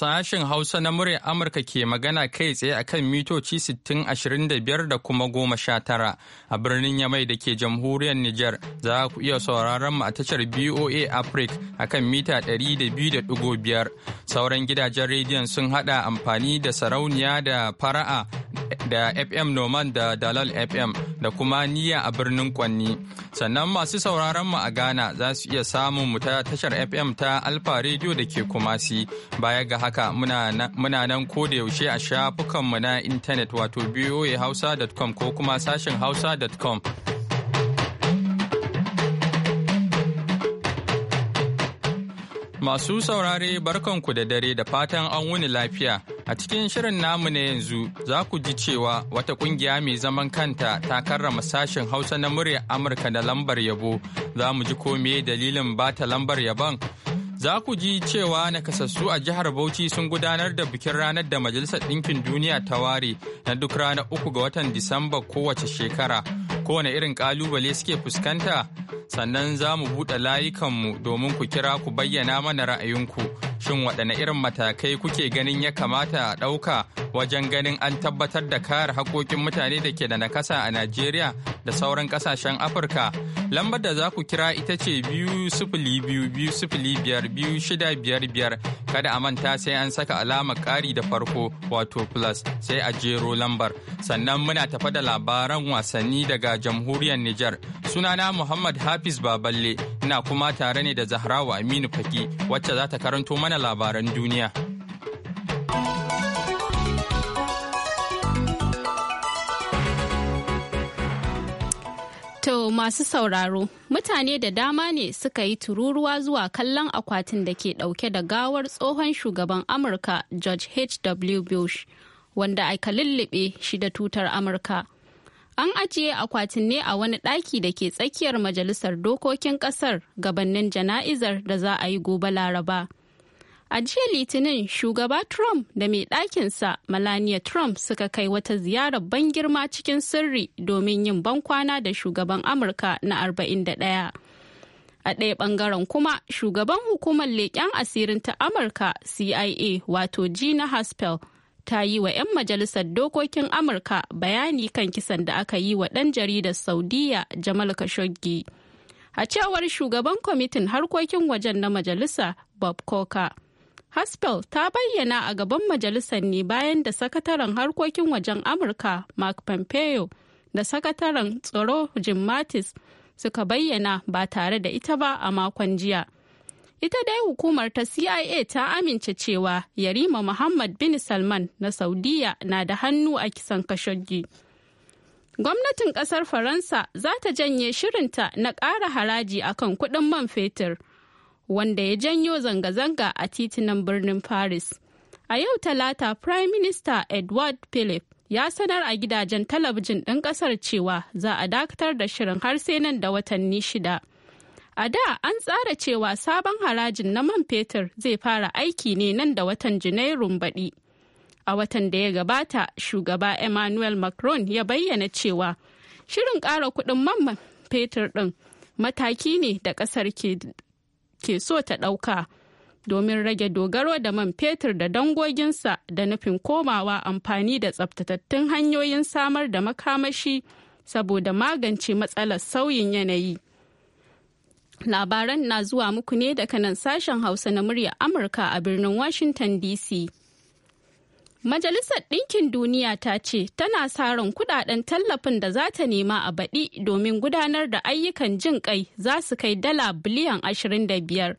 Sashen Hausa na muryar Amurka ke magana kai tsaye akan mitoci 6025 da kuma 19 a birnin Yamai da ke jamhuriyar Nijar za ku iya sauraron mu a tashar BOA Africa akan mita 200.5. Sauran gidajen rediyon sun hada amfani da sarauniya da fara'a da FM Noman da Dalal FM da kuma Niyya a birnin Kwanni. Sannan masu sauraron mu a Ghana za su iya samun mu ta tashar FM ta Alfa Radio da ke Kumasi. Baya ga haka muna nan yaushe a shafukanmu na intanet wato hausa.com ko kuma sashen hausa.com. Masu saurare barkanku da dare da fatan an wuni lafiya. A cikin shirin namu na yanzu za ku ji cewa wata kungiya mai zaman kanta ta karrama sashen Hausa na murya Amurka da lambar yabo. Za mu ji ko dalilin dalilin ta lambar yabon Za ku ji cewa nakasassu a jihar Bauchi sun gudanar da bikin ranar da Majalisar Ɗinkin Duniya ta ware na duk ranar uku ga watan Disamba kowace shekara. Kowane irin kalubale suke fuskanta? Sannan za mu buɗe layukanmu domin ku kira ku bayyana mana ra'ayinku. shin waɗanne irin matakai kuke ganin ya kamata a ɗauka wajen ganin an tabbatar da kare haƙoƙin mutane da ke da nakasa a najeriya da sauran ƙasashen afirka lambar da za ku kira ita ce biyu kada a manta sai an saka alamar ƙari da farko wato plus sai a jero lambar sannan muna tafa da labaran wasanni daga jamhuriyar nijar sunana muhammad hafiz baballe ina kuma tare ne da zahrawa aminu faki wacce za ta karanto mana labaran duniya. To masu sauraro, mutane da dama ne suka yi tururuwa zuwa kallon akwatin da ke ɗauke da gawar tsohon shugaban Amurka George H.W. Bush, wanda aka lullube shi da tutar Amurka. An ajiye akwatin ne a wani ɗaki da ke tsakiyar Majalisar Dokokin Ƙasar gabanin jana'izar da za a yi gobe Laraba. A jiya Litinin shugaba Trump da mai ɗakinsa Melania Trump suka kai wata ziyarar ban girma cikin sirri domin yin ban kwana da shugaban Amurka na 41. A ɗaya ɓangaren kuma shugaban hukumar leƙen asirin ta Amurka CIA wato Gina Haspel ta yi wa 'yan majalisar dokokin Amurka bayani kan kisan da aka yi wa ɗan jaridar Saudiya Jamal Khashoggi. A cewar shugaban kwamitin harkokin wajen na majalisa Bob Coker. Haspel ta bayyana a gaban majalisar ne bayan da sakataren harkokin wajen Amurka Mark Pompeo da sakataren tsaro Jim Mattis suka bayyana ba tare da ita ba a makon jiya. Ita dai hukumar ta CIA ta amince cewa Yarima Muhammad bin Salman na Saudiya na da hannu a kisan Khashoggi. Gwamnatin ƙasar Faransa za ta janye shirinta na ƙara haraji akan kuɗin man fetur. wanda ya janyo zanga-zanga a titunan birnin Paris. A yau Talata, Prime Minister Edward Philip ya sanar a gidajen talabijin ɗin ƙasar cewa za a dakatar da shirin har sai nan da watanni shida. A da an tsara cewa sabon harajin na man fetur zai fara aiki ne nan da watan Janairun baɗi. A watan da ya gabata, shugaba Emmanuel Macron ya bayyana cewa shirin ƙara kuɗin man fetur ɗin mataki ne da ƙasar ke ke so ta ɗauka domin rage dogaro da man fetur da dangoginsa da nufin komawa amfani da tsaftatattun hanyoyin samar da makamashi saboda magance matsalar sauyin yanayi. Labaran na zuwa muku ne daga nan sashen Hausa na murya Amurka a birnin Washington DC. Majalisar Ɗinkin Duniya ta ce tana sa ran kudaden tallafin da za ta nema a baɗi domin gudanar da ayyukan jin ƙai za su kai dala biliyan 25,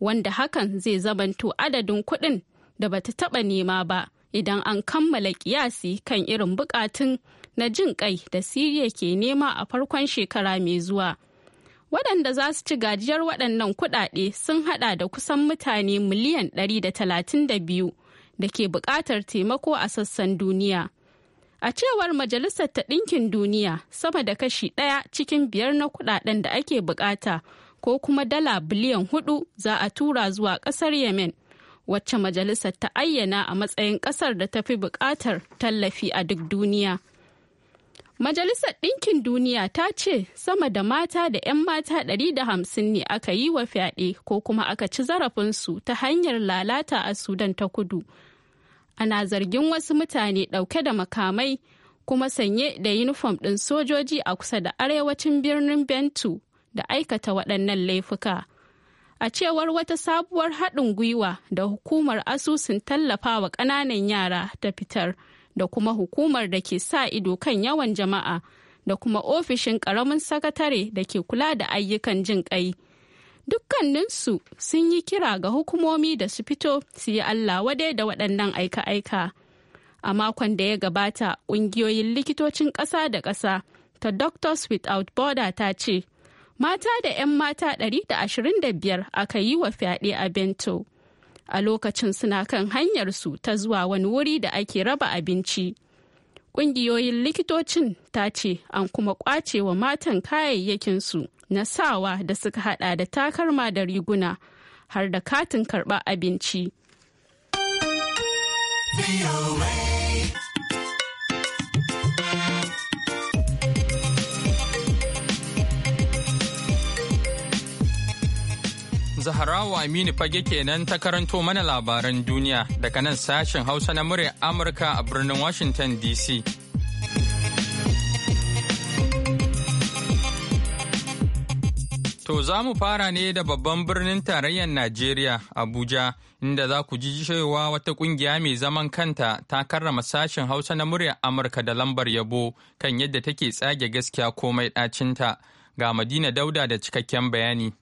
wanda hakan zai zamanto adadin kuɗin da ba ta taɓa nema ba idan an kammala kiyasi kan irin buƙatun na jin ƙai da Siriya ke nema a farkon shekara mai zuwa. Waɗanda za su ci gajiyar waɗannan kuɗaɗe sun haɗa da kusan mutane miliyan 132. da ke buƙatar taimako a sassan duniya. A cewar Majalisar ta Ɗinkin Duniya, sama da kashi ɗaya cikin biyar na kuɗaɗen da ake buƙata ko kuma dala biliyan hudu za a tura zuwa ƙasar Yemen, wacce majalisar ta ayyana a matsayin ƙasar da ta fi buƙatar tallafi a duk duniya. Majalisar Ɗinkin Duniya ta ce sama da mata da 'yan mata ɗari da hamsin ne aka yi wa fyaɗe ko kuma aka ci zarafinsu ta hanyar lalata a Sudan ta kudu ana zargin wasu mutane ɗauke da makamai kuma sanye da yunifom ɗin sojoji a kusa da arewacin birnin bentu da aikata waɗannan laifuka a cewar wata sabuwar haɗin gwiwa da hukumar asusun tallafawa ƙananan yara ta fitar da kuma hukumar da ke sa ido kan yawan jama'a da kuma ofishin ƙaramin sakatare da ke kula da ayyukan jin ƙai. dukkaninsu sun yi kira ga hukumomi da su fito su yi Allah wadai da waɗannan aika-aika. A makon da ya gabata, ƙungiyoyin likitocin ƙasa da ƙasa ta Doctors Without Border ta ce, mata da 'yan mata ɗari da da ashirin biyar aka yi wa fyaɗe a Bento. A lokacin suna kan hanyarsu ta zuwa wani wuri da ake raba abinci. Ƙungiyoyin likitocin ta ce an kuma ƙwace wa matan kayayyakinsu na sawa da suka hada da takarma da riguna har da katin karɓa abinci. Zaharawa Aminu fage kenan ta karanto mana labaran duniya daga nan sashen Hausa na murya Amurka a birnin Washington DC. To za mu fara ne da babban birnin tarayyar Najeriya, Abuja, inda za ku ji cewa wata kungiya mai zaman kanta ta karrama sashen Hausa na muryar Amurka da lambar yabo kan yadda take tsage gaskiya komai ɗacinta. Ga Madina Dauda da cikakken bayani.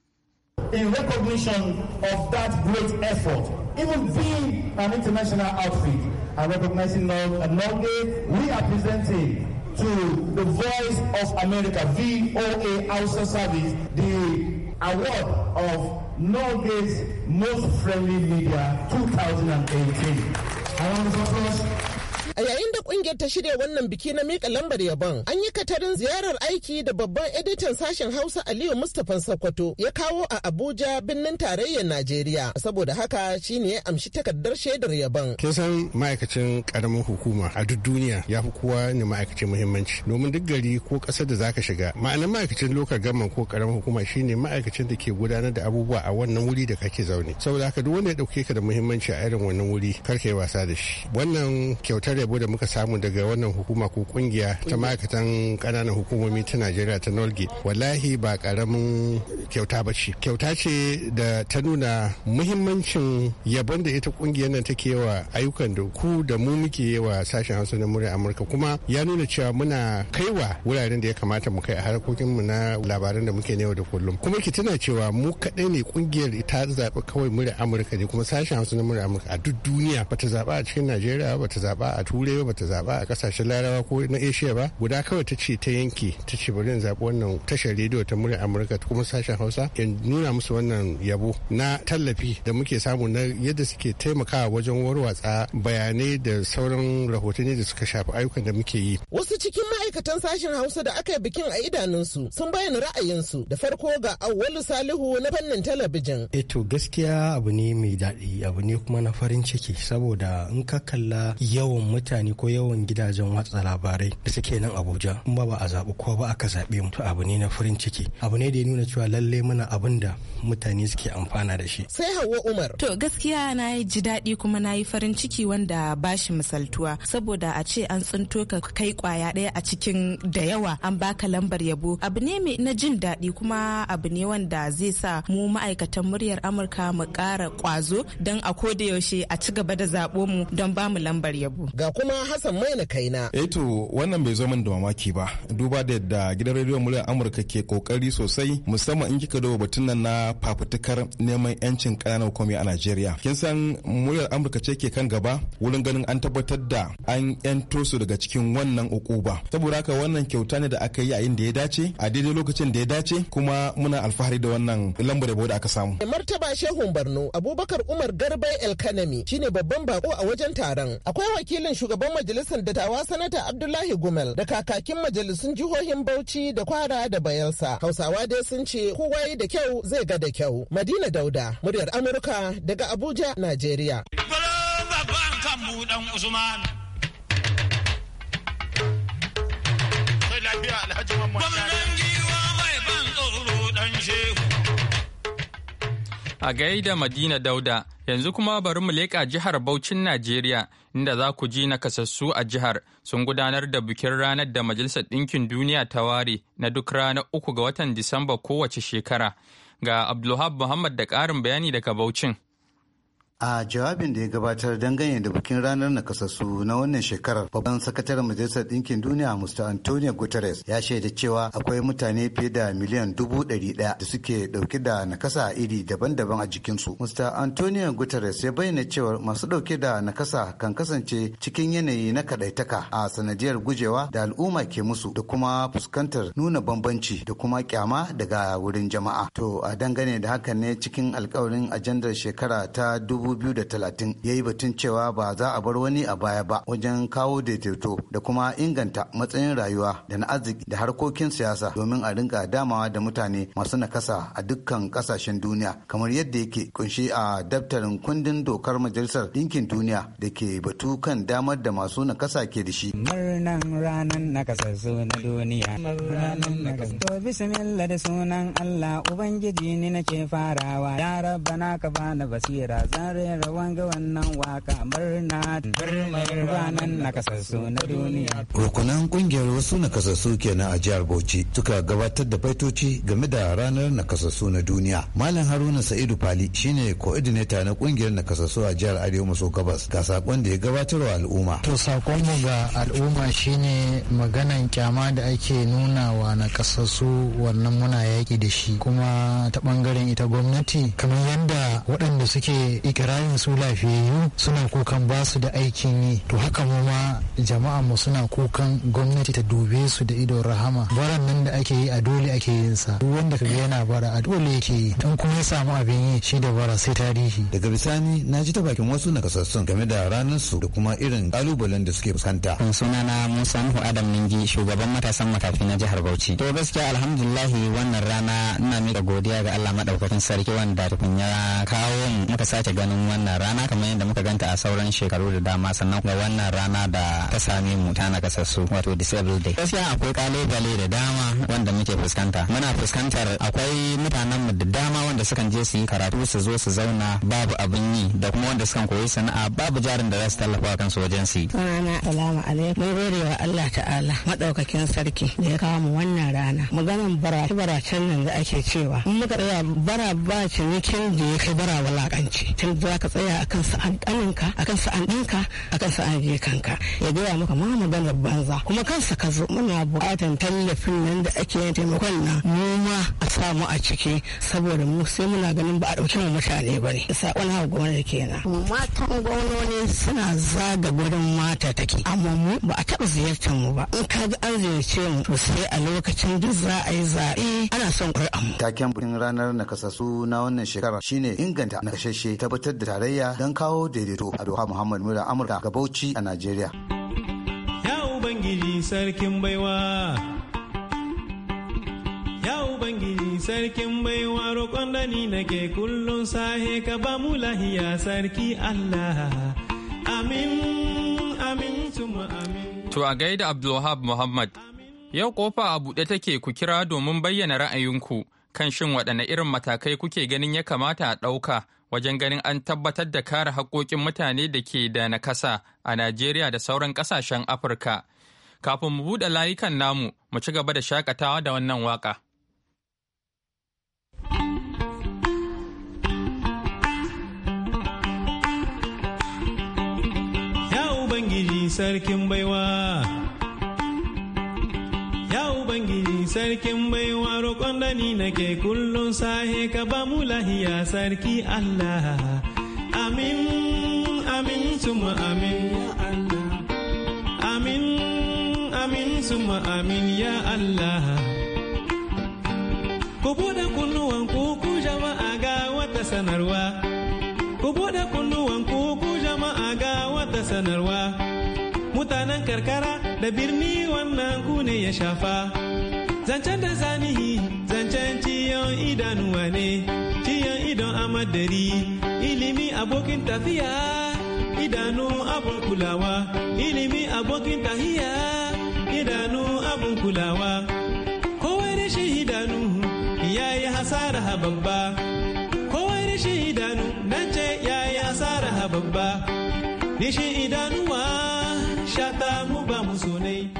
In recognition of that great effort, even being an international outfit, and recognizing Norway, we are presenting to the Voice of America, VOA Hausa Service, the award of Norway's Most Friendly Media 2018. I want to applause A yayin da kungiyar ta shirya wannan biki na mika lambar yabon, an yi katarin ziyarar aiki da babban editan sashen Hausa Aliyu Mustapha Sokoto ya kawo a Abuja birnin tarayyar Najeriya. Saboda haka shi ne ya amshi takardar shaidar yabon. Kin san ma'aikacin karamin hukuma a duk duniya ya fi kowa ne ma'aikacin muhimmanci. Domin duk gari ko ƙasar da zaka shiga, ma'anar ma'aikacin lokal gamman ko karamin hukuma shi ne ma'aikacin da ke gudanar da abubuwa a wannan wuri da kake zaune. Saboda haka duk wanda ya ɗauke ka da muhimmanci a irin wannan wuri kar ka yi wasa da shi. Wannan kyautar yabo da muka samu daga wannan hukuma ko kungiya ta ma'aikatan kananan hukumomi ta najeriya ta nolge wallahi ba karamin kyauta ba ce kyauta ce da ta nuna muhimmancin yabon da ita kungiyar nan take wa ayyukan da ku da mu muke wa sashen hausa na murya amurka kuma ya nuna cewa muna kaiwa wuraren da ya kamata mu kai a harkokin mu na labaran da muke yau da kullum kuma ki tuna cewa mu kadai ne kungiyar ta zaɓi kawai murya amurka ne kuma sashen hausa na murya amurka a duk duniya ba ta zaɓa a cikin najeriya ta zaɓa a tu turai ba ta zaba a kasashen larawa ko na asia ba guda kawai ta ce ta yanke ta ce bari zaɓi wannan tashar rediyo ta murya amurka kuma sashen hausa in nuna musu wannan yabo na tallafi da muke samu na yadda suke taimakawa wajen warwatsa bayanai da sauran rahotanni da suka shafi ayyukan da muke yi wasu cikin ma'aikatan sashen hausa da aka yi bikin a idanunsu sun bayyana ra'ayinsu da farko ga awwalu salihu na fannin talabijin eto eh gaskiya abu ne mai daɗi abu ne kuma na farin ciki saboda in ka kalla yawan mutane ko yawan gidajen watsa labarai da suke nan abuja kuma ba a zaɓi ko ba aka zaɓe mu to abu ne na farin ciki abu ne da ya nuna cewa lalle muna abin da mutane suke amfana da shi sai hawa umar to gaskiya na yi ji daɗi kuma na yi farin ciki wanda ba shi misaltuwa saboda a ce an tsinto ka kai kwaya ɗaya a cikin da yawa an baka lambar yabo abu ne mai na jin daɗi kuma abu ne wanda zai sa mu ma'aikatan muryar amurka mu ƙara ƙwazo don a koda yaushe a ci gaba da zaɓo mu don ba mu lambar yabo ga kuma Hassan mai Maina Kaina. Eh to wannan bai zo min da mamaki ba duba da yadda gidan rediyon muryar Amurka ke kokari sosai musamman in kika duba batun nan na fafutukar neman yancin kananan hukumomi a Najeriya. Kin san muryar Amurka ce ke kan gaba wurin ganin an tabbatar da an yanto su daga cikin wannan ukuba. Saboda haka wannan kyauta ne da aka yi a da ya dace a daidai lokacin da ya dace kuma muna alfahari da wannan lambar da da aka samu. Martaba Shehun Barno Abubakar Umar Garba Elkanami shine babban bako a wajen taron. Akwai wakilin shugaban majalisar dattawa sanata Abdullahi Gumel da kakakin majalisun jihohin Bauchi da Kwara da Bayelsa. Hausawa dai sun ce kowa da kyau zai ga da kyau. Madina Dauda, muryar Amurka daga Abuja, Najeriya. Gwamnan A gaida Madina Dauda, yanzu kuma bari mu leƙa jihar Bauchin Najeriya, inda za ku ji nakasassu a jihar sun gudanar da bikin ranar da Majalisar Ɗinkin Duniya ta ware na duk ranar uku ga watan Disamba kowace shekara. Ga Abdulhab Muhammad da ƙarin bayani daga Bauchin. A jawabin da ya gabatar dangane da bikin ranar nakasassu na wannan shekarar, babban sakataren Majalisar Ɗinkin Duniya Mr. Antonio Guterres ya shaida cewa akwai mutane fiye da miliyan dubu ɗari ɗaya da suke ɗauke da nakasa iri daban-daban a jikinsu. Mr. Antonio Guterres ya bayyana cewa masu ɗauke da nakasa kan kasance cikin yanayi na kaɗaitaka a sanadiyar gujewa da al'umma ke musu da kuma fuskantar nuna bambanci da kuma kyama daga wurin jama'a. To a dangane da hakan ne cikin alkawarin ajandar shekara ta dubu 2030 ya yi batun cewa ba za a bar wani a baya ba wajen kawo daidaito da kuma inganta matsayin rayuwa da na arziki da harkokin siyasa domin a rinka damawa da mutane masu nakasa a dukkan kasashen duniya kamar yadda yake kunshi a daftarin kundin dokar majalisar ɗinkin duniya da ke batu kan damar da masu nakasa ke da shi. Murnan ranar nakasassu na duniya. To bismillah da sunan Allah Ubangiji ne nake farawa. Ya rabba na ka bani basira zan rera wanga wannan waka murna ranar nakasassu na duniya. Rukunan kungiyar wasu nakasassu kenan a jihar Bauchi suka gabatar da faitoci game da ranar nakasassu na duniya. Malam Haruna Sa'idu Fali shine coordinator na kungiyar nakasassu a jihar Arewa maso gabas ga sakon da ya gabatar wa al'umma. To sakon mu ga al'umma shine maganan kyama da ake nuna wa nakasassu wannan muna yaki da shi kuma ta bangaren ita gwamnati kamar yadda waɗanda suke ikar barayin su lafiyayyu suna kukan ba su da aikin yi to haka mu ma jama'a mu suna kukan gwamnati ta dube su da idon rahama baran nan da ake yi a dole ake yin sa duk wanda kaga yana bara a dole yake yi dan kuma ya samu abin yi shi da bara sai tarihi daga bisani na ji ta bakin wasu nakasassun game da ranar su da kuma irin kalubalen da suke fuskanta sunana Musa Nuhu Adam Ningi shugaban matasan matafi na jihar Bauchi to gaskiya alhamdulillah wannan rana ina miƙa godiya ga Allah madaukakin sarki wanda tukunya ya kawo mu muka sake ganin bikin wannan rana kamar yadda muka ganta a sauran shekaru da dama sannan ga wannan rana da ta same mu ta nakasassu wato disabled day gaskiya akwai kalubale da dama wanda muke fuskanta muna fuskantar akwai mutanen mu da dama wanda sukan je su yi karatu su zo su zauna babu abin yi da kuma wanda sukan koyi sana'a babu jarin da za su tallafa kansu wajen su yi sunana salamu alaikum mun gode wa Allah ta'ala madaukakin sarki da ya kawo mu wannan rana maganan barace baracen nan da ake cewa in muka tsaya bara ba cinikin da ya kai bara wulakanci tun za ka tsaya a kan sa'an ɗaninka a kan sa'an ɗinka a kan sa'an jekanka ya gaya maka ma maganar banza kuma kansa ka zo muna buƙatar tallafin nan da ake yin taimakon nan mu ma a samu a ciki saboda mu sai muna ganin ba a ɗauki mu mutane ba ne saƙon hau gwamnati kenan matan gwamnoni suna zaga gurin mata take amma mu ba a taɓa ziyartar mu ba in ka ga an ziyarce mu to sai a lokacin duk za a yi zaɓe ana son ƙuri'an mu. taken birnin ranar nakasassu na wannan shekara shine inganta kashashe tabbatar gwamnatar da tarayya don kawo daidaito a doha muhammad mura amurka ga bauchi a najeriya ya ubangiji sarkin baiwa ya ubangiji sarkin baiwa roƙon da ni nake kullum sahe ka ba mu lahiya sarki allah amin amin tuma amin to a gaida abdulwahab muhammad Yau kofa a buɗe take ku kira domin bayyana ra'ayinku kan shin waɗanne irin matakai kuke ganin ya kamata a ɗauka wajen ganin an tabbatar da kare haƙoƙin mutane da ke da nakasa a Najeriya da sauran ƙasashen Afirka. Kafin mu buɗe layukan namu, mu ci gaba da shakatawa da wannan waƙa. Ya Ubangiji sarkin baiwa, Ya Ubangiji sarkin baiwa roƙon da na nake kullum sahe ka ba mu lahiya sarki Allah. Amin, amin, suma amin, ya Allah. Amin, amin, suma amin, ya Allah. Ku bude kunnuwan ku jama'a ga wata sanarwa. Ku bude kunnuwan ku jama'a ga wata sanarwa. Mutanen karkara da birni wannan ku ne ya shafa. zancen da zanihi zancen ciyon idan wane ciyon idan amadari ilimi abokin tafiya idanu abun kulawa ilimi abokin tahiya idanu abun kulawa kowai rashin idanu ya yi hasara babba kowai shi idanu nan ce ya yi hasara babba rashin idanuwa shata mu ba mu sonai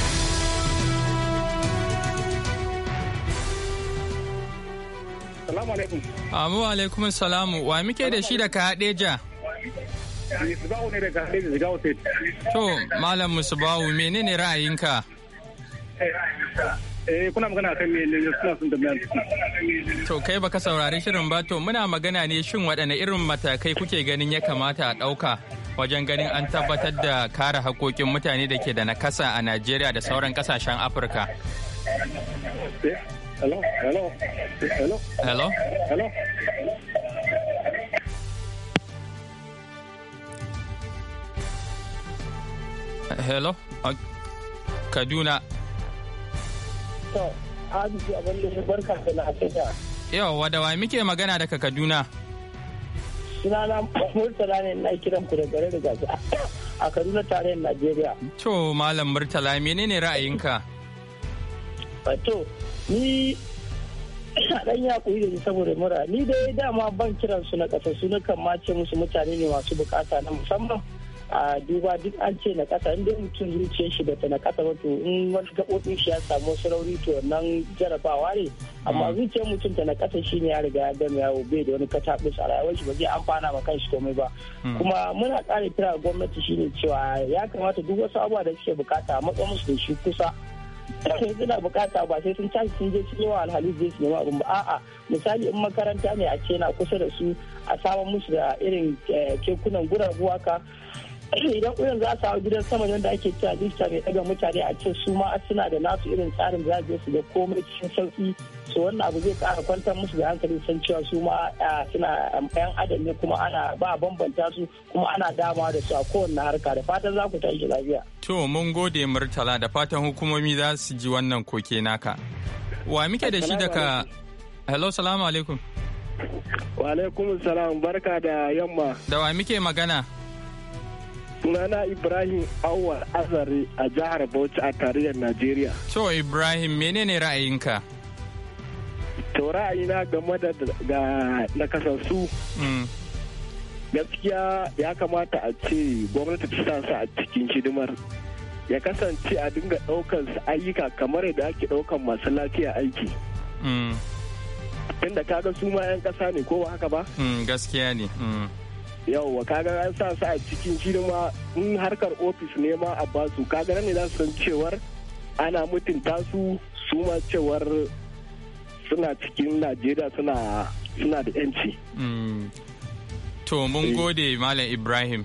Salamu alaikum. salamu. Wa muke da shi daga Hadeja? To, Malam Musbahu, menene ra'ayinka? Eh, kuna magana kan me ne suna sun tambaya. To, kai baka saurari shirin ba to muna magana ne shin waɗanne irin matakai kuke ganin ya kamata a ɗauka wajen ganin an tabbatar da kare hakokin mutane da ke da nakasa a Najeriya da sauran kasashen Afirka. Eh, Hello? Hello? Hello? Hello? Hello? Hello? Kaduna. To, Hadisu shi barka da lafiya. Yau wada wa muke magana daga Kaduna? na Murtala ne na kiran ku da gare da gaza a Kaduna tarayyar Najeriya. To, Malam Murtala, menene ra'ayinka? wato ni dan ya koyi da saboda mura ni ya dama ban kiran su na kasa su kan mace musu mutane ne masu bukata na musamman a duba duk an ce na kasa inda mutum zuciyar shi ta na kasa wato in wani gaɓoɓin shi ya samu sarauri to nan jarabawa ne amma mm. zuciyar mutum ta na kasa shi ne ya riga ya gama yawo bai da wani katabin a rayuwar shi ba zai amfana ma shi komai ba mm. kuma muna ƙara kira gwamnati shi ne cewa ya kamata duk wasu abubuwa da suke bukata a matsa musu da shi kusa suna bukata ba sai sun tashi sun je sun yawa alhali zai su abin ba a'a misali in makaranta ne a ce na kusa da su a saman musu da irin eh, kekunan guragu haka idan irin za su hau gidan sama yadda ake cewa lista mai ɗaga mutane a ce su ma suna da nasu irin tsarin za su ga komai cikin sauki su wannan abu zai kara kwantar musu da hankali san cewa su ma suna yan um, adam ne kuma ana ba bambanta su kuma ana dama da su a kowanne harka da fatan za ku tashi lafiya. to mun gode murtala da fatan hukumomi za su ji wannan koke naka wa muke da shi daga hello salamu alaikum wa alaikum salam barka da yamma da wa muke magana Sunana Ibrahim Awar Azari a jihar Bauchi a tarayyar Najeriya. To Ibrahim menene ra'ayinka? To ra'ayina game da na kasansu. Mm. Gaskiya ya kamata a ce gwamnati ta sa su a cikin hidimar. Ya kasance a dinga ɗaukar su ayyuka kamar yadda ake ɗaukar masu lafiya aiki. Mm. Tunda kaga su ma 'yan ƙasa ne ko ba haka ba? Mm, gaskiya ne. yawwa kaga an sa su a cikin girma in harkar ofis ne ma a basu kaga ne za su san cewar ana mutunta su su ma cewar suna cikin najeriya suna suna da yanci mm. to mun eh. gode malam ibrahim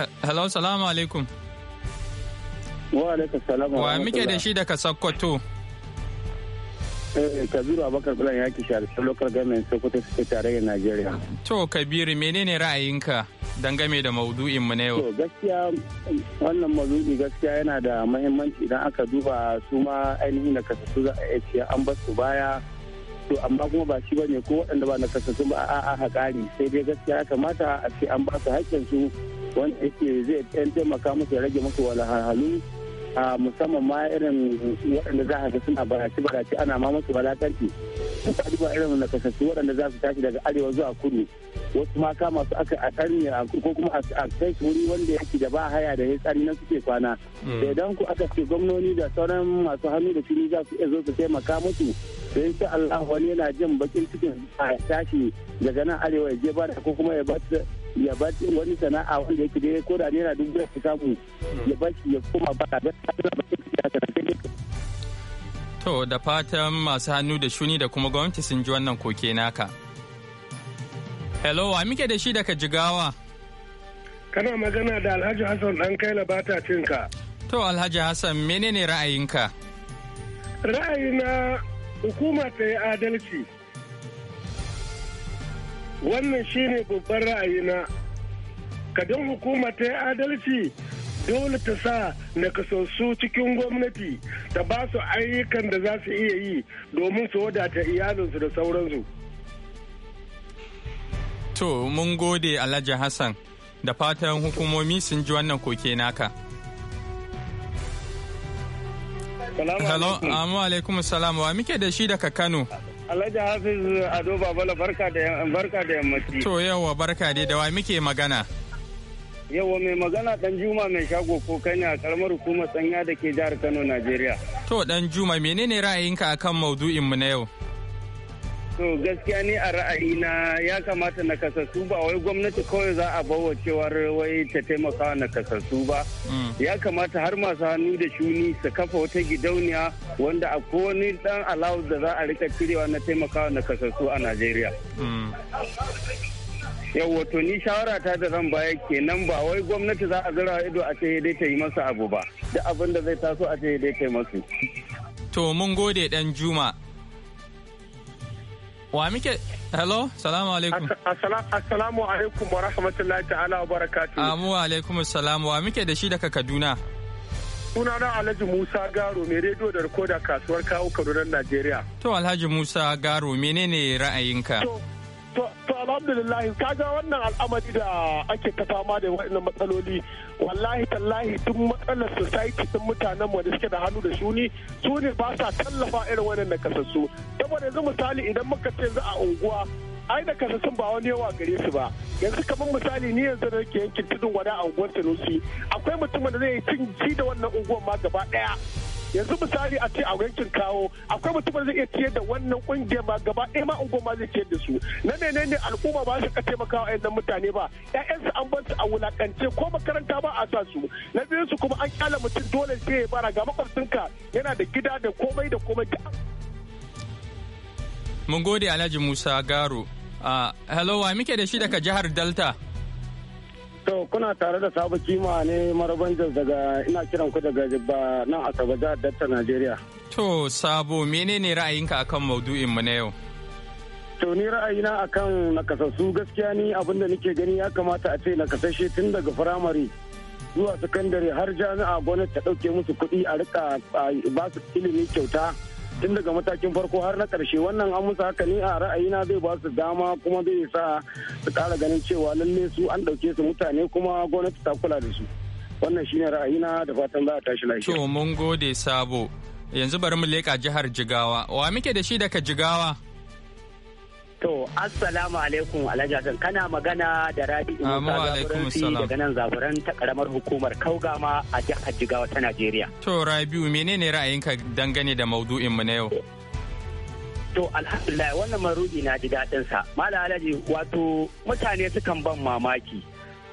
eh, hello salamu alaikum wa alaikum salam wa muke da shi daga sokoto Eh, Kabiru Abubakar Bulan ya ki shahararren local government Sokoto suke tarayyar Najeriya. To Kabiru menene ra'ayinka game da maudu'in mu na yau? To gaskiya wannan maudu'i gaskiya yana da mahimmanci idan aka duba su ma ainihin na kasasu za a iya an ba su baya. To amma kuma ba shi ne ko waɗanda ba na kasasu ba a haƙari sai dai gaskiya ya kamata a ce an ba su haƙƙinsu wanda yake zai taimaka musu ya rage musu wahalhalu. a musamman ma irin waɗanda za a ga suna barace barace ana ma musu balakanci su ka duba irin nakasassu waɗanda za su tashi daga arewa zuwa kudu wasu ma kama su aka a tsarni ko kuma a kai wuri wanda yake da ba haya da hitsari na suke kwana mm. da idan ku aka ce gwamnoni da sauran masu hannu da fili za su iya zo su taimaka musu da insha Allah wani yana jin bakin cikin a tashi daga nan arewa ya je bara ko kuma ya ba ya ba wani sana'a wanda yake dai ko da na dubu ya samu ya ba shi ya koma ba da ba To da fatan masu hannu da shuni da kuma gwamnati sun ji wannan koke naka. Hello, wa muke da shi daga jigawa? Kana magana da Alhaji Hassan ɗan kai labata cinka. To Alhaji Hassan menene ra'ayinka? Ra'ayina hukuma ta yi adalci. wannan shi ne babban ra'ayina kadan hukuma ta yi adalci dole ta sa nakasassu cikin gwamnati ta ba su ayyukan da za su iya yi domin su wadata iyalinsu da sauransu to mun gode alhaji hassan da fatan hukumomi sun ji wannan koke naka Salamu alaikum. alaikum. Salamu wa muke da shi daga Kano. Alhaji Hafiz Ado Babala barka da barka da yammaci. To yawa barka dai da wa muke magana? Yawa mai magana dan Juma mai shago ko kani a karamar hukumar tsanya da ke jihar Kano Najeriya. To dan Juma menene ra'ayinka akan maudu'in mu na yau? To gaskiya ne a ra'ayi na ya kamata na kasassu ba wai gwamnati kawai za a bawa cewar wai ta taimaka na kasassu ba. Mm. Ya kamata har masu hannu da shuni su kafa wata gidauniya wanda a kowane dan alawus da za a rika cirewa na taimaka na kasassu a Najeriya. Mm. Yau wato ni shawara ta da zan baya kenan ba wai gwamnati za a zira ido a ce dai ta yi masa abu ba. da abin da zai taso a ce dai ta yi masu. To mun gode dan Juma. Wa muke Hello, salamu alaikum. Assalamu alaikum wa rahmatullahi ta'ala wa barakatuh Amu alaikum salamu wa muke da shi daga Kaduna. Suna na Alhaji Musa Garo mai rediyo da rikoda kasuwar kawo Kaduna Najeriya. To Alhaji Musa Garo menene ra'ayinka? To alhamdulillah kaga wannan al'amari da ake ta fama da waɗannan matsaloli wallahi tallahi duk matsalar society din mutanen mu da suke da hannu da shuni su ne ba sa tallafa irin wannan nakasassu saboda yanzu misali idan muka ce za a unguwa ai da kasasun ba wani yawa gare su ba yanzu kamar misali ni yanzu da ke yankin tudun wada a unguwar sanusi akwai mutumin da zai yi cin ci da wannan unguwar ma gaba daya yanzu misali a ce a yankin kawo akwai mutumin zai iya ciyar da wannan kungiyar ma gaba ɗaya ma ungo ma zai ciyar da su na ne al'umma ba su ka taimakawa a yanzu mutane ba ƴaƴansu an bar su a wulakance ko makaranta ba a sa su na biyu su kuma an kyala mutum dole sai ya bara ga ka yana da gida da komai da komai mun gode alhaji musa garo ah, hello wa muke da shi daga jihar delta To kuna tare da sabu kima ne maraban daga ina kiran ku daga jibba nan Asaba jihar datta Najeriya. To sabo menene ra'ayinka akan maudu'in mu na yau? To ni ra'ayina akan nakasassu gaskiya ni abinda nake gani ya kamata a ce nakasashe tun daga firamare zuwa sakandare har jami'a gwamnati ta ɗauke musu kuɗi a rika ba su ilimi kyauta tun daga matakin farko har na karshe wannan an musu haka ni a ra'ayina zai ba su dama kuma zai sa su kara ganin cewa lalle su an ɗauke su mutane kuma gwamnati ta kula da su wannan shine ra'ayina da fatan za a tashi lafiya. to mun gode sabo yanzu bari mu leka jihar jigawa wa muke da shi daga jigawa. To, assalamu alaikum alhaji kana magana da Rabi Musa daga nan zaburan ta karamar hukumar Kaugama a jihar Jigawa ta Najeriya. To, Rabiu menene ra'ayinka dangane da maudu'in mu na yau? To, alhamdulillah wannan maruɗi na ji daɗin sa. Malam Alhaji wato mutane sukan ban mamaki.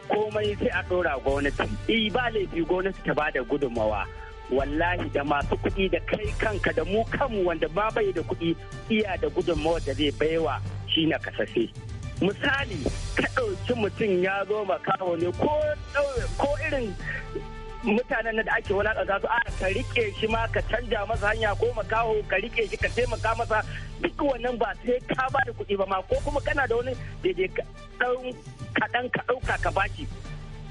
Komai sai a ɗora gwamnati. Eh ba laifi gwamnati ta bada gudunmawa. wallahi da masu kuɗi da kai kanka da mu kanmu wanda ba bai da kuɗi iya da gudunmawar da zai baiwa shi na kasashe misali ka ɗauki mutum ya zo ma kawo ne ko irin mutanen da ake wani wulaƙanta su a ka rike shi ma ka canja masa hanya ko ma kawo ka rike shi ka taimaka masa duk wannan ba sai ka ba da kuɗi ba ma ko kuma kana da wani daidai kaɗan ka ɗauka ka bashi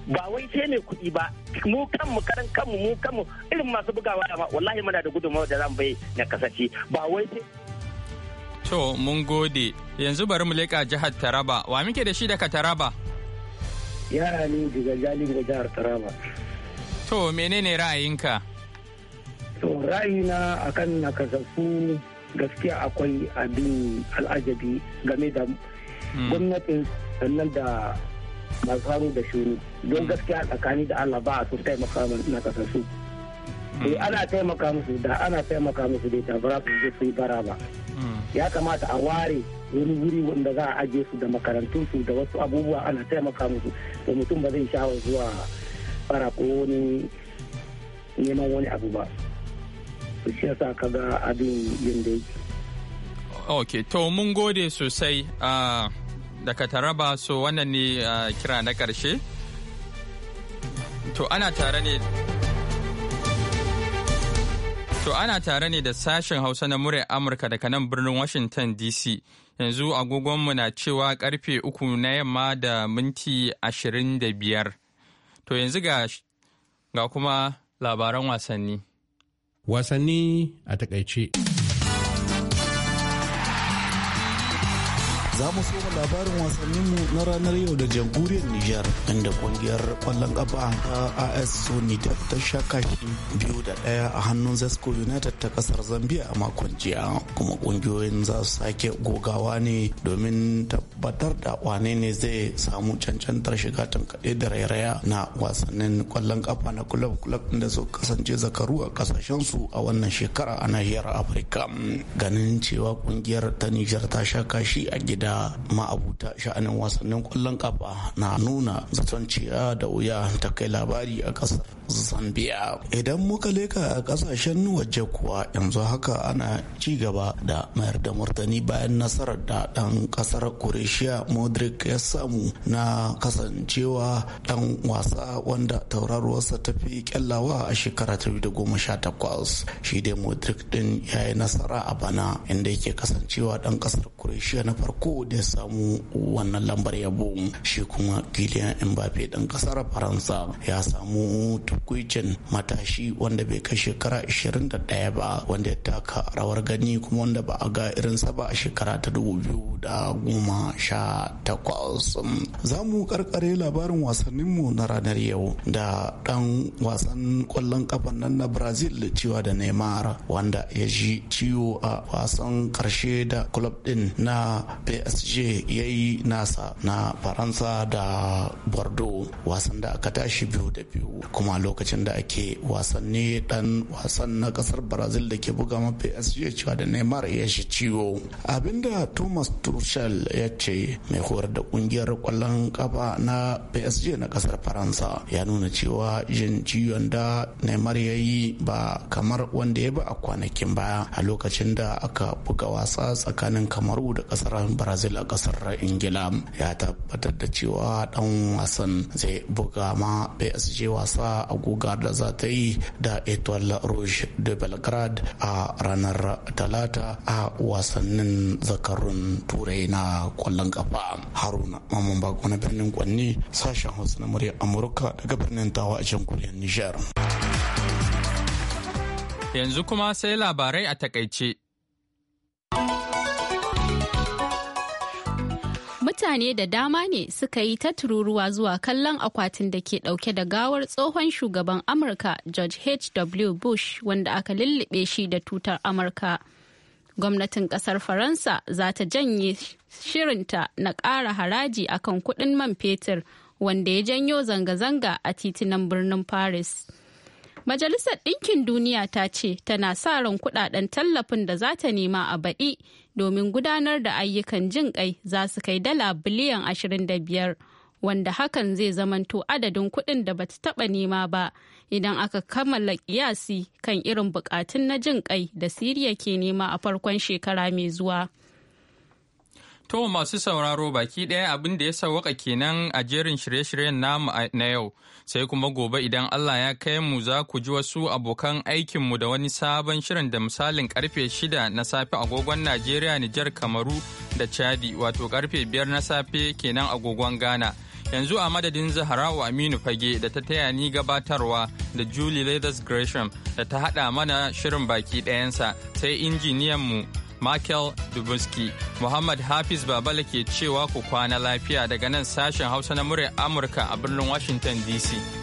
ba wai sai mai kuɗi ba mu kanmu karan kanmu mu kanmu irin masu bugawa da ma wallahi muna da gudunmawar da zan bai na kasashe ba wai sai To, mun gode. Yanzu bari mu leƙa jihar Taraba. Wa muke da shi daga Taraba? Yara ne daga jalin da jihar Taraba. To, menene ra'ayinka? To, ra'ayina akan nakasassu gaskiya akwai abin al'ajabi game da hmm. gwamnatin sannan da masu da shuru. Don hmm. gaskiya tsakani da Allah ba a sun taimaka nakasassu. Eh, ana taimaka musu da ana taimaka musu da ta bara su su yi bara ba mm. ya kamata a ware wani wuri wanda za a ajiye su da makarantun su da wasu abubuwa ana taimaka musu da mutum ba zai shawar zuwa bara ko wani neman wani abu ba su shi yasa ga abin da yake ok to mun gode sosai daga taraba so wannan ne kira na karshe to ana tare ne To ana tare ne da sashen Hausa na muryar Amurka daga nan birnin Washington DC. Yanzu agogonmu na cewa karfe uku na yamma da minti ashirin da biyar. To yanzu ga, ga kuma labaran wasanni. Wasanni a takaice. za mu soma labarin wasannin mu na ranar yau da jamhuriyar Nijar inda kungiyar kwallon kafa a AS Sonidar ta sha kashi biyu da ɗaya a hannun Zesco United ta kasar Zambia a makon jiya kuma kungiyoyin za su sake gogawa ne domin ta. batar da wane ne zai samu cancantar shiga tankaɗe da rairaya na wasannin kwallon kafa na kulab kulab da su kasance zakaru a kasashen su a wannan shekara a nahiyar afirka ganin cewa kungiyar ta nijar ta sha kashi a gida ma'abuta sha'anin wasannin kwallon kafa na nuna zaton da wuya ta kai labari a kasar zambia idan muka leka a kasashen waje kuwa yanzu haka ana ci gaba da mayar da murtani bayan nasarar da dan kasar croatia modric ya samu na kasancewa dan wasa wanda tauraruwarsa ta fi kyallawa a shekara takwas shi dai modric din ya yi nasara a bana inda yake kasancewa dan kasar croatia na farko da ya samu wannan lambar yabo shi kuma kiliyan mbappe dan kasar faransa ya samu tukwicin matashi wanda bai kai shekara 21 ba wanda ya taka rawar gani kuma wanda ba a ga irinsa ba a shekara ta 2018 za mu karkare labarin wasanninmu na ranar yau da dan wasan kwallon kafan nan na brazil cewa da neymar wanda ya ji ciwo a wasan karshe da club din na psg ya yi nasa na faransa da bordeaux wasan da aka tashi biyu da biyu kuma lokacin da ake wasanni dan wasan na kasar brazil da ke buga ma psg cewa da neymar ya shi ciwo abinda thomas tuchel ya ce mai horar da kungiyar kwallon kafa na psg na kasar faransa ya nuna cewa jin ciwon da neymar ya yi ba kamar wanda ya ba a kwanakin baya a lokacin da aka buga wasa tsakanin kamaru da kasar brazil a kasar ingila ya tabbatar da cewa dan wasan zai buga ma psg wasa a gugar da za ta yi da etoile rouge de belgrade a ranar talata a wasannin zakarun turai na kwallon kafa haruna mamman bako na birnin kwanni sashen hausa na murya amurka daga birnin tawa a jamhuriyar nijar yanzu kuma sai labarai a takaice mutane da dama ne suka yi ta tururuwa zuwa kallon akwatin da ke dauke da gawar tsohon shugaban amurka george h.w bush wanda aka lullube shi da tutar amurka gwamnatin kasar faransa za ta janye shirinta na ƙara haraji akan kuɗin man fetur wanda ya janyo zanga-zanga a titunan birnin paris Majalisar Ɗinkin Duniya ta ce tana sa ran kudaden tallafin da za ta nema a baɗi domin gudanar da ayyukan jin ƙai za su kai dala biliyan 25 wanda hakan zai zamanto adadin kuɗin da ba ta taɓa nema ba idan aka kammala kiyasi kan irin buƙatun na jin ƙai da Siriya ke nema a farkon shekara mai zuwa. To masu sauraro baki ɗaya abin da ya sawaka kenan a jerin shirye-shiryen namu na yau, sai kuma gobe idan Allah ya kai mu za ku ji wasu abokan aikinmu da wani sabon shirin da misalin karfe shida na safe agogon Najeriya, Nijar, Kamaru da Chadi, wato karfe biyar na safe kenan agogon Ghana. Yanzu a madadin Zaharawa Aminu Fage da ta taya ni gabatarwa da Julie Leathers Gresham da ta haɗa mana shirin baki ɗayansa sai injiniyanmu Michael Dubinsky. Muhammad Hafiz Babala ke cewa ku kwana lafiya daga nan sashen Hausa na muryar Amurka a birnin Washington DC.